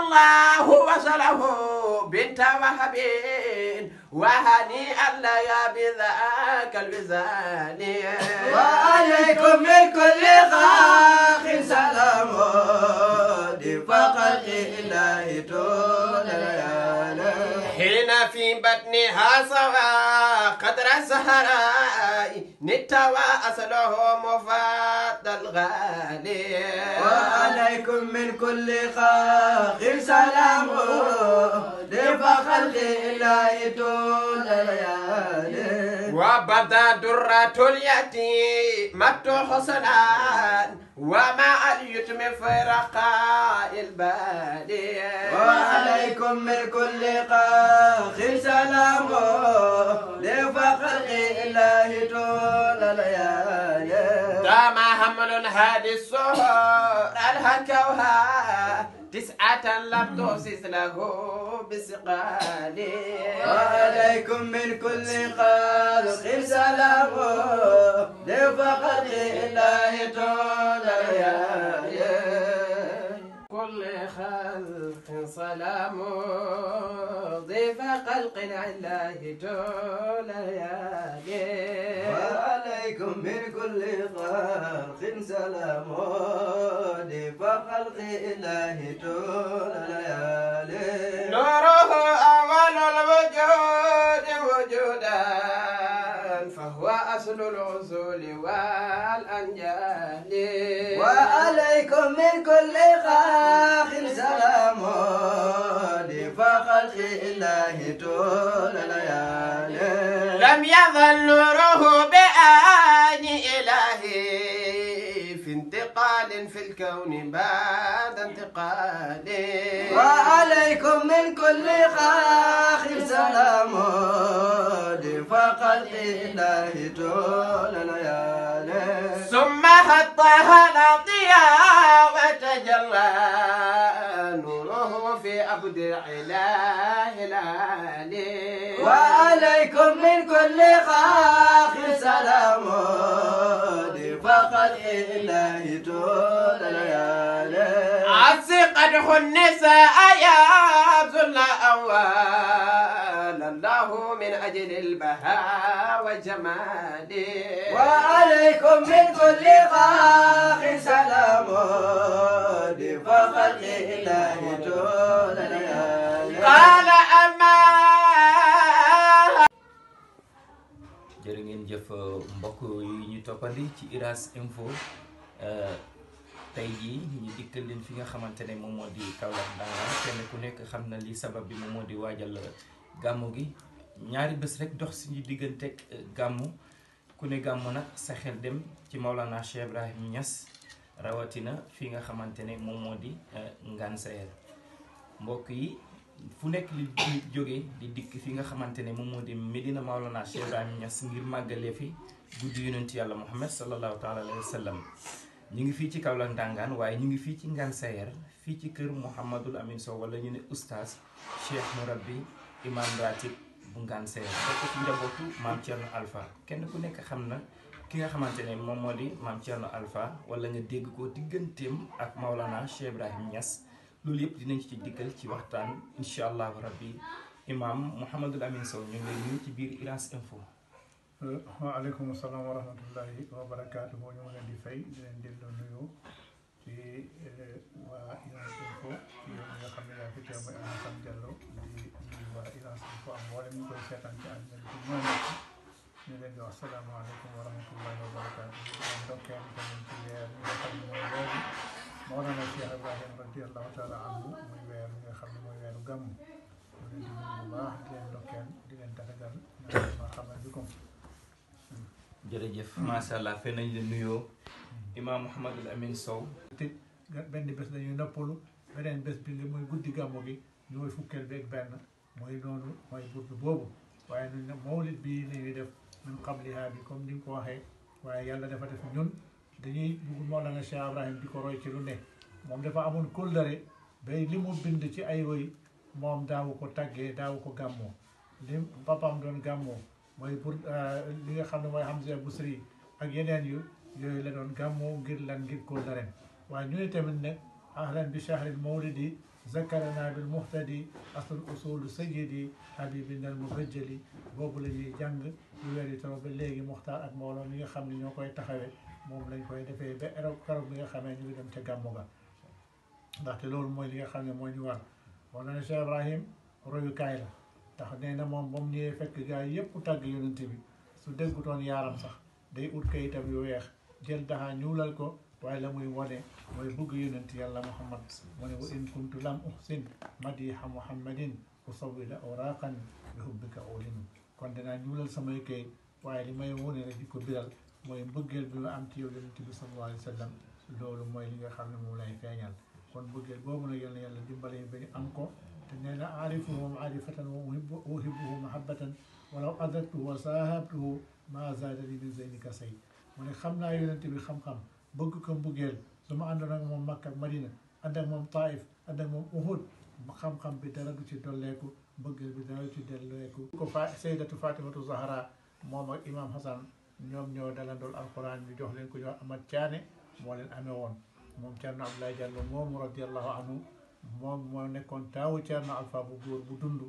الله وصله بنت وهب وهنيئا لها بذاك الوزان وعليكم من كل خاخ سلام بفقر الله تولى في بطنها سواء قدر الزهراء نتوا أصله مفاد الغالي وعليكم من كل خاق سلام لفخر الله طول الليالي وبدا درة اليتيمة حسنا ومع اليتم في رقاء البادية من كل قاخ سلامه لفخلق الله طول ليالي دام حمل هذه السهر الهكوها تسعة لم تؤسس له بسقالي وعليكم من كل خلق سلام لفخلق الله طول ليالي كل خلق سلام ضيف خلق الله جول ليالي وعليكم من كل خلق سلام ضيف خلق الله جول ليالي نوره أمان الوجود وجود فضل العزول والأنجال وعليكم من كل خاخ سلام لفخر الله طول الليالي لم يظل روح بآن إلهي في الكون بعد انتقالي وعليكم من كل خاخ سلام فقد إلهي طول الليالي ثم خطها الأضياء وتجلى نوره في أبد إله العالي وعليكم من كل خاخ أدخ النساء يا عبد الله الله من أجل البهاء والجمال وعليكم من كل خاق سلام لفخر الله طول قال أما jërë jëf mbokk yi ñu toppandi ci Uras Info tey jii ñu ngi dikkal leen fi nga xamantene ne modi kawla di Kaolack kenn ku nekk xamna li sabab bi moom modi wajal gamu gi ñaari bes rek dox suñu digganteeg eh, gamu ku ne gamu nak sa xel dem ci Maulana Cheikh Ibrahim Niass rawatina fi nga xamantene ne modi moo di eh, Ngane mbokk yi fu nekk li joge di dik fi nga xamantene ne modi Medina Maulana Cheikh Ibrahim Niass ngir magale fi guddu yonent yalla Muhammad sallallahu taala alayhi wasallam ñu ngi fii ci Kaolack Ndangaan waaye ñu ngi fii ci Ngal Sayer fii ci kër Mouhamadul Amin Sow wala ñu ne oustaz Cheikh Mourabbi imam ratib bu Ngal Sayer fekk ci njabootu maam Thierno Alpha kenn ku nekk xam na ki nga xamante ne moom moo di maam Thierno Alpha wala nga dégg ko digganteem ak Maolana Cheikh Ibrahim Niass loolu yëpp dinañ ci diggal ci waxtaan incha allahu rabbi imam Mouhamadul Amin Sow ñu ngi lay ci biir Uras Info. Uh, waaleykum salaam wa rahmatullahi wa barakaatu ñu ngi leen di fay di leen delloo nuyoo ci uh, waa Unas Info yow nga xam ne yaa fi teew mooy Alassane Diallo di nuyu waa Unas Info am wala ñu koy seetaan ci àddina bi ñu ngi leen di wax salaamaaleykum wa rahmatullahi wa barakaatu di leen ndokkee ñu tamit ci weer mi nga xam ne mooy weer Mawlana Cheikh Ibrahim radiyallahu taala anhu muy weer mi nga xam ne mooy weeru gàmm ñu leen di nuyu bu baax jërëjëf mm. macha allah fee nañ la nuyoo imaam Mouhamadul Amine Sow. te benn bés dañuy noppalu beneen bés bi li mooy guddi gàmmu bi ñooy fukkeel beeg benn mooy noonu mooy guddi boobu waaye ñun nag mawlid bi la def ñun xam lihaa bi comme ni nga ko waxee waaye yàlla dafa def ñun dañuy bugg Mawlana Cheikh Ibrahim di ko roy ci lu ne moom dafa amoon kóllëre bay li mu bind ci ay woy moom daawu ko tàggee daawu ko gàmmoo li papaam doon gàmmoo. mooy pour euh, li nga xam ne mooy Hamza Busri ak yeneen yu yooyu la doon gàmmu ngir lan ngir ko daren waaye ñu ne tamit ne ahlan bi shahril mawlidi zakarana bil muhtadi asl usulu sayyidi habibina al mubajjali boobu la ñuy jàng lu weeri taro ba léegi muxtaar ak mbooloo mi nga xam ne ñoo koy taxawee moom lañ koy defee ba erog karog bi nga xamee ñu ngi dem ca gàmmu ga ndaxte loolu mooy li nga xam ne moo ñu war moo na ne Cheikh Ibrahim royukaay la tax nee na moom ba mu ñëwee fekk gaa yépp tàgg yonent bi su déggutoon yaaram sax day ut kayitam yu weex jël daxa ñuulal ko waaye la muy wone mooy bëgg yonent yàlla muhammad mu ne wa in kuntu lam uhsin madiha muhammadin usawwida awraqan bi hubbika ulin kon danaa ñuulal samay kayit waaye li may wone rek di ko biral mooy mbëggeel bi ma am ci yow yonent bi sallallahu wa sallam loolu mooy li nga xam ne moom lay feeñal kon mbëggeel boobu nag yal na ba ñu ko إني لأعرفه معرفة وأحبه محبة ولو أذبته وصاحبته ما زاد لي من زينك سيد mu ne xam naa yonent bi xam-xam bëgg ko mbëggeel su ma àndoon ak moom Makka ak Madina ànd ak moom Taif ànd ak moom Uhud xam-xam bi dara du ci dolleeku mbëggeel bi dara du ci dolleeku ko fa saydatu fatimatu zahra moom ak imam hasan ñoom ñoo dalandool alquran bi jox leen ko jox amat caane moo leen amee woon moom Ceerno Abdoulaye Diallo moomu radiallahu anhu moom moo nekkoon taawu Ceerno Alpha bu góor bu dund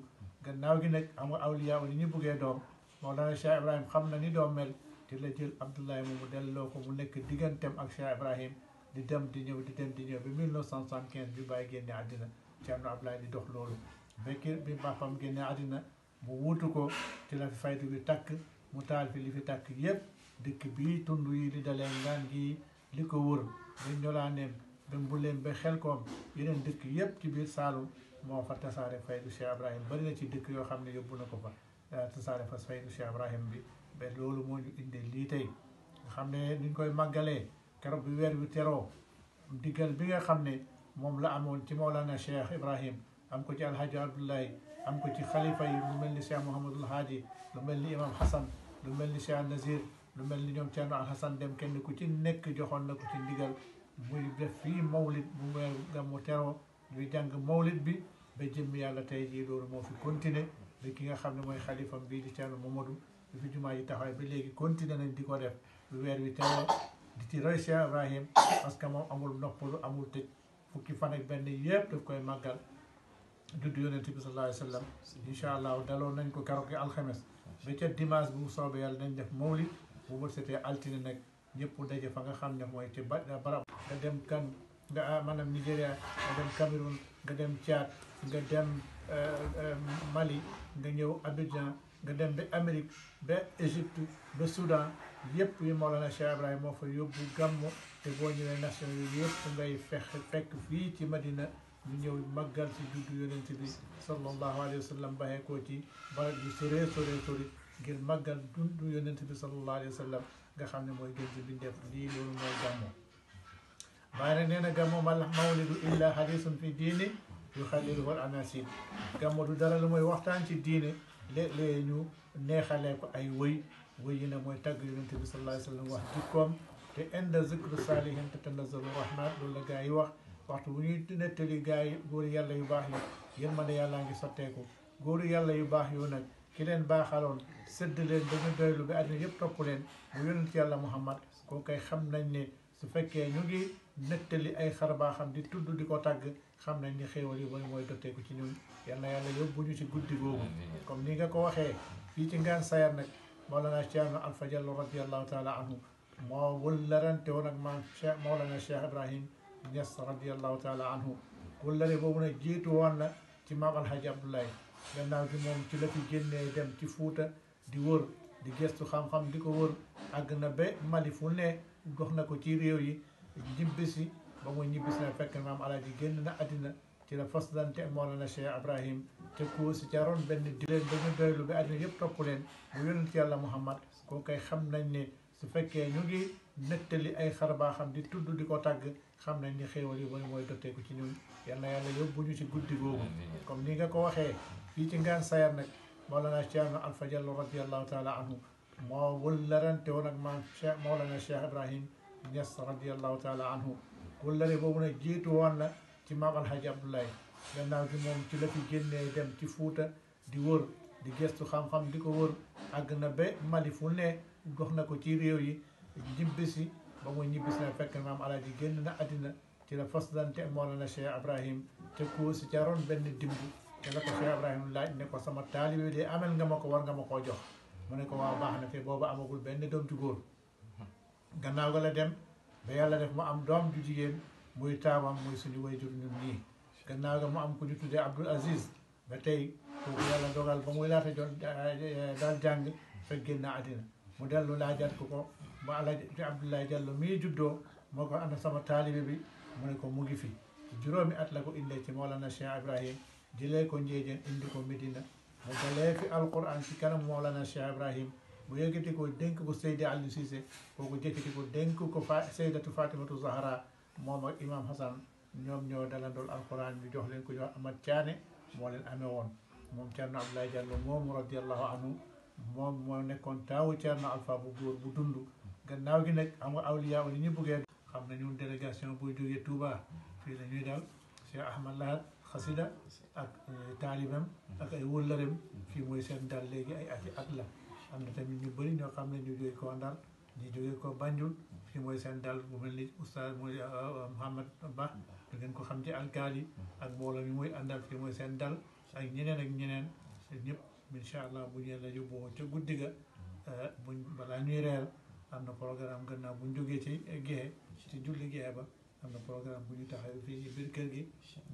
gannaaw gi nag am nga awliya li ñu bëggee doom Mawlana Cheikh Ibrahim xam na ni doom mel te la jël Abdoulaye moomu delloo ko mu nekk diggantem ak Cheikh Ibrahim di dem di ñëw di dem di ñëw bi 1975 bi bàyyi génne àddina Ceerno Abdoulaye di dox loolu bekki bi bàppam génne àddina bu wuutu ko ci la fi faydu bi takk mu taal fi li fi takk yépp dëkk bi tund yi li dalee ngaan gi li ko wër li ba Mbuleen ba Xelkom yeneen dikk yëpp ci biir Saalum moo fa tasaare faydu Cheikh Ibrahim bari na ci dikk yoo xam ne yóbbu na ko fa eh, tasaare fa faydu Cheikh Ibrahim bi ba loolu moo ñu indee lii tey nga xam ne nuñ koy màggalee keroog bi weer wi teroo diggal bi nga xam ne moom la amoon ci Mawlana Cheikh Ibrahim am ko ci Alhaji Abdoulaye am ko ci xalifa yi lu mel ni Cheikh Mouhamadul Haaji lu mel ni Imam Hassan lu mel ni Cheikh Nazir lu mel ni ñoom Thierno Al Hassan kenn ku ci nekk joxoon na ko ويبدأ في مولد دمو ترو ñuy jàng mawlit bi ba jëmm yàlla tey jii loolu moo fi continuer ba ki nga xam ne mooy xalifam bii di Thierno Mamadou bi fi jumaa ji taxawee ba léegi continuer nañ di ko def lu weer wi teroo di ci roy Cheikh Ibrahim parce que moom amul noppalu amul tëj fukki fan ak benn yëpp daf koy màggal juddu yonente bi sallallahu alayhi wa sallam incha allah daloon nañ ko keroog alxames ba ca dimanche bu soobee yàlla nañ def mawlit bu wërsëtee altine nag ñëpp daje fa nga xam ne mooy ci ba barab nga dem kan nga ah, maanaam Nigéria nga dem Cameroun nga dem Tchad nga dem euh, euh, Mali nga ñëw Abidjan nga dem bi Amérique ba Égypte ba Soudan yëpp yi Mawlana Cheikh Ibrahima moo fa yóbbu gamm te boo ñëwee nations yi yëpp ngay fex fekk fii ci Madina ñu ñëw màggal ci juddu yonent bi sallallahu alayhi wa sallam baxee koo ci barab bi soree soree sori ngir màggal juddu yonent bi sallallahu alayhi wa nga xamne moy mooy gën ci bindeef lii loolu mooy gàmmu bàyyi nag nee mal mawlidu illa hadithun fi diini yu xalilu wal anasib gàmmu du dara lu moy waxtan ci diine le le ñu neexale ko ay wëy wëy na moy tag tàgg yonent bi sallallahu alayhi wasallam wax ci kom te inda zikru salihin te tanazzalu rahmat loolu la gaa wax waxtu bu ñuy nettali gaa yi góor yàlla yu baax yi yéen ma ne yàllaa ngi sotteeku goor yàlla yu baax yu nak ki len baaxaloon séddaleen ba ñu doylu bi àddina yëpp topp leen bu yonent yàlla muhammad koo koy xam nañ ne su fekkee ñu ngi nettali ay xar baa xam di tudd di ko tàgg xam nañ ni xéewal yi mooy mooy dotteeku ci ñun yal na yàlla yóbbu ñu ci guddi googu comme ni nga ko waxee fii ci ngaan sayar nag Mawlana Cheikh Alfa Diallo radiallahu taala anhu moo wëllarante woon ak maam Cheikh Mawlana Cheikh Ibrahim Niass radiallahu taala anhu wëllare boobu nag jiitu woon na ci maam Alhaji Abdoulaye gannaaw gi moom ci la fi génnee dem ci Fuuta di wër di gestu xam-xam di ko wër àgg na ba Mali fu ne dox na ko ci réew yi ñibbisi ba muy ñibbisi na fekk maam alaaji génn na àddina ci la fas lante moo faslante Mawlana Cheikh Ibrahim te ku si jaroon benn di leen ba ñu doylu ba àddina yëpp topp leen bu yonent yàlla Muhammad koo xam nañ ne su fekkee ñu ngi nettali ay xar baa xam di tudd di ko tàgg xam nañ ni xéewal yi mooy dotteeku ci ñun yal na yàlla yóbbu ñu ci guddi googu comme ni nga ko waxee fii ci ngaan sayar nag مولانا الشيخ الفجل رضي الله تعالى عنه مولرن تونك ما مولانا الشيخ ابراهيم نيس رضي الله تعالى عنه كولري بوبنا جيتو وانا تي ماغ الحاج عبد الله لان في موم تي لافي جيني ديم تي فوتا دي وور دي جيستو خام خام ديكو وور اغنا بي مالي فوني غوخنا كو تي ريو يي جيمبسي با مو نيبسنا فك مام على دي جيننا ادنا تي لا فصدان ابراهيم تكو سي بن ديمبو te la ko Cheikh Ibrahima laaj ne ko sama taalibe de amel nga ma ko war nga ma koo jox mu ne ko waa baax na te boobu amagul benn doom ju góor gannaaw ga la dem ba yàlla def mu am doom ju jigéen muy taamam muy suñu wayjur ñun nii gannaaw ga mu am ku ñu tuddee Abdoul Aziz ba tey kooku yàlla dogal ba muy laata joon eh, daal jàng fekk génn àddina mu dellu laajaat ko ko mu alaji Abdoulaye Diallo mii juddoo ko ana sama taalibe bi mu ne ko mu ngi fi juróomi at la ko indee ci Mawlana Cheikh Ibrahim jëlee ko njeejeen indi ko Medina mu dalee fi alquran ci kanam Mawlana Cheikh Ibrahim mu yëkkati ko dénk ko Seydi Aliou Cissé kooku jëkkati ko dénk ko fa Seydatu Fatimatu Zahra moom ak Imam Hassan ñoom ñoo dalandool alquran bi jox leen ko jox Amad Thiané moo leen amee woon moom Thierno Abdoulaye Diallo moomu radiallahu anhu moom moo nekkoon taawu Thierno Alpha bu góor bu dund gannaaw gi nag am nga awliya ni ñu bëggee xam na délégation buy jógee Touba fii la خسيدة تعلمهم أقول لهم في مويسان دال لي أي أكي أكلا أنا تامين نبوري نو كامل نيجي كوان دال نيجي كو بانجول في مويسان دال مملي أستاذ موي آه، آه، محمد با دعين كو خمدي أكالي أك بولا في موي أندال في مويسان دال أي نينان أي نينان نيب من شاء الله بني الله جو بو تجو قديغا آه، بني بلانيرال أنا بروجرام كنا بنجو جي جي تجول جي أبا am na programme bu ñu taxawee fii ci biir kër gi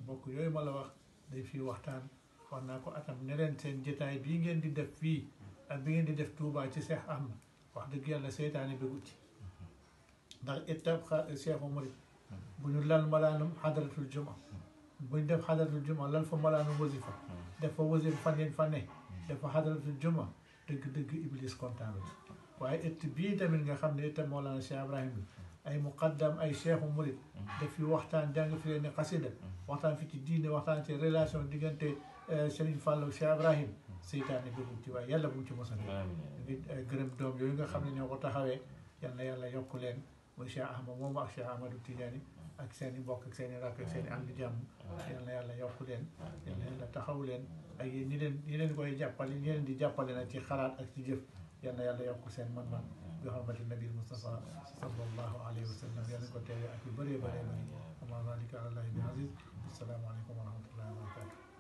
mbokk yooyu ma la wax dañ fii waxtaan wax naa ko atam ne leen seen jotaay bii ngeen di def fii ak bi ngeen di def Touba ci Cheikh Ahmed wax dëgg yàlla seytaane bëggut ci ndax étape Cheikh Omar bu ñu lal malaanum xadaratul juma bu ñu def xadaratul juma lal fa malaanum wasifa def fa wasifa faneen fane def fa xadaratul juma dëgg-dëgg iblis kontaan waaye ëtt bii tamit nga xam ne itam Mawlana Cheikh Ibrahim bi ay muqaddam ay cheikhu murit mm-hmm. def fi waxtaan jàng fi leen xasida mm-hmm. waxtaan fi ci diine waxtaan ci relation diggante eh, Serigne Fallou ak Cheikh Ibrahim mm-hmm. seytaane dugum ci waaye yàlla bu ci mosal ngi eh, gërëm doom yooyu nga xam ne ñoo ko taxawee yal na yàlla yokk leen muy Cheikh Ahmad moomu ak Cheikh Ahmadou Tidiane ak seen mbokk ak seen i rakk ak seen i am di jàmm yal na yàlla yokk leen yal na yàlla taxaw leen ak yéen leen ñi leen koy jàppale di jàppale nag ci xalaat ak ci jëf yal na yàlla yokk seen man-man bi a nabi Mustafa sallallahu alayhi wa sallam yàlla ko teewee ak yu bëree bëree bëri wa maa zaalika alaa llaahi bi aziiz asalaamaaleykum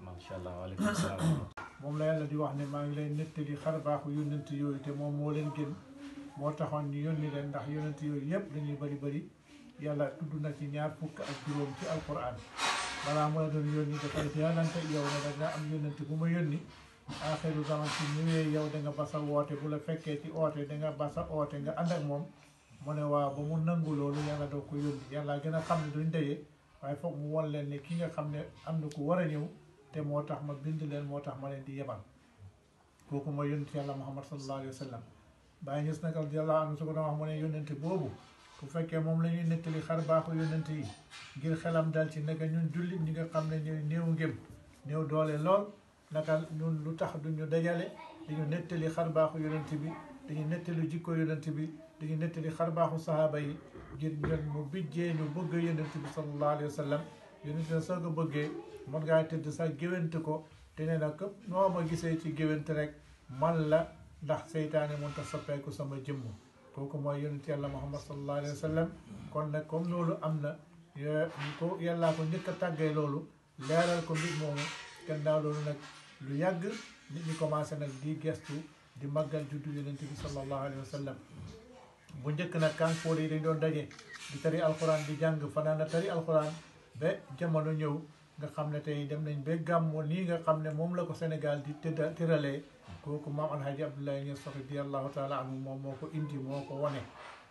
macha allah waaleykum moom la yàlla di wax ne maa ngi lay nettali xar baaxu yónnent yooyu te moom moo leen gën moo taxoon ñu yónni leen ndax yónnent yooyu yëpp dañuy bëri bari yàlla tudd na ci ñaar fukk ak juróom ci alquran balaa moo doon yónni dafay yàllante yow ne da nga am yónnent bu ma yónni aaxiru zaman ci ñëwee yow da nga basa woote bu la fekkee ci oote da nga basa oote nga ànd ak moom mu ne waaw ba mu nangu loolu yàlla doo ko yónni yàlla gën a xam ne duñ dajee waaye foog mu won leen ne ki nga xam ne am na ku war a ñëw te moo tax ma bind leen moo tax ma leen di yebal kooku mooy yónent yàlla muhammad sallallahu alayhi wa sallam bàyyi gis nag radiyallahu anhu su ko doon wax mu ne yónent boobu bu fekkee moom la ñuy nettali xar baaxu yónent yi ngir xelam dal ci naka ñun jullit ñi nga xam ne ñooy néew ngëm néew doole lool nakal ñun lu tax duñu dajale dañu nettali xar baaxu yonent bi dañu netali jikko yoonte bi dañu nettali xar baaxu sahaaba yi ngir ngeen mu bijje ñu bëgg yoonte bi sallallahu alayhi wasallam yoonte sa bi soo ko bëggee mën ngaa tëdd sa géwént ko te né nak no ma gisé ci géwént rek man la ndax seytane mën ta soppé ko sama jëmm kooku moy yoonte yàlla muhammad sallallahu alayhi wasallam kon nak comme lolu amna ko yalla ko njëkk taggé lolu leral leeral ko mbir moomu gannaaw loolu nak lu yagg nit ñi commencé nag di gestu di màggal juddu yonente bi sallallahu alaihi wasallam. bu njëkk nag kànkoor yi dañ doon daje di tari alquran di jàng fa na tari alquran ba jamono ñëw nga xam ne tey dem nañ ba gàmmu nii nga xam ne moom la ko Sénégal di tëdda tëralee kooku maam alhaji abdoulaye Niass radiyallahu taala anhu moom moo ko indi moo ko wone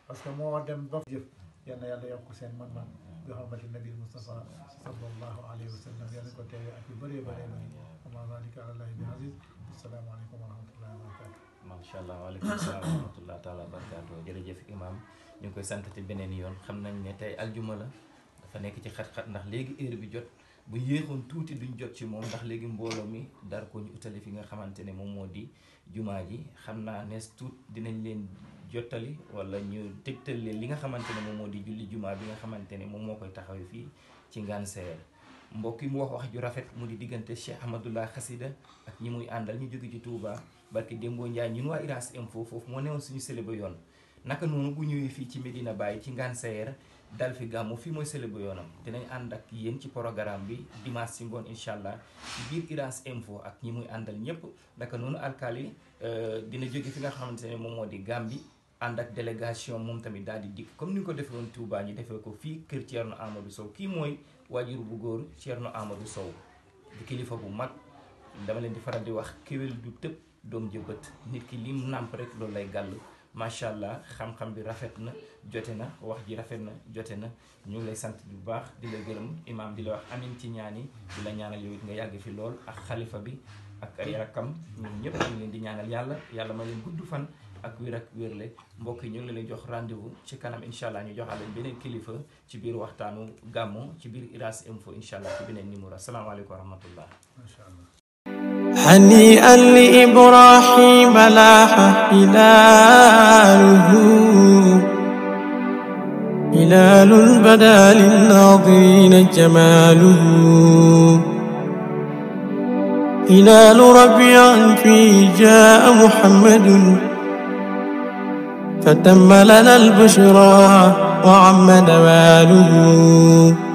parce que moo dem ba jëf yal na yàlla yokk man-man bi xormati nabi Mustafa sallallahu alayhi wa sallam yàlla ko teewee allah waaleykum salaam wa rahmatullah taala wa barakatu jërëjëf imam ñu ngi koy sant beneen yoon xam nañ ne tey aljuma la dafa nekk ci xat-xat ndax léegi heure bi jot bu yéexoon tuuti duñ jot ci moom ndax léegi mbooloo mi dar ko ñu utale fi nga xamante ne moom moo di jumaa ji xam naa nees tuut dinañ leen jotali wala ñu tektal li nga xamantene mom modi julli juma bi nga xamantene mom mo koy taxaw fi ci ngane mbokk mu wax wax ju rafet mu di digante cheikh ahmadullah khassida ak ñi muy andal ñu jóge ci Touba barki dembo njaay ñun wa iras info fofu mo neewon suñu célébé yoon naka nonu bu ñewé fi ci Medina bay ci ngane seer dal fi gamu fi moy célébé yoonam dinañ and ak yeen ci programme bi dimanche ci ngone inshallah biir iras info ak ñi muy andal ñepp naka nonu alkali euh, dina jóge fi nga xamantene mom modi gambi Andak delegation mom tamit dal di dik comme ni ko defee woon Touba ni defee ko fi keur Thierno Amadou Sow ki moy waajur bu gor Thierno Amadou Sow di kilifa bu mag dama len di faral di wax kewel du tepp dom jeubet nit ki lim namp rek lol lay gal machallah xam-xam bi rafetna jotena wax ji rafetna jotena ñu lay sante bu baax di la gërem imam di la wax amin ci ñaani di la ñaanal yow nga yàgg fi lol ak khalifa bi ak ay rakam ñun ñepp ñu di ñaanal yalla yalla ma len ak wér ak wérle mbokk ñu ngi leen jox rendez-vous ci kanam inshallah ñu joxal leen beneen kilifa ci biir waxtanu gamu ci biir iras Info inshallah ci benen numéro assalamu alaykum wa rahmatullah hani هنيئا لإبراهيم لاح هلاله هلال بدا للناظرين جماله هلال ربيع في جاء محمد فتم لنا البشرى وعم نواله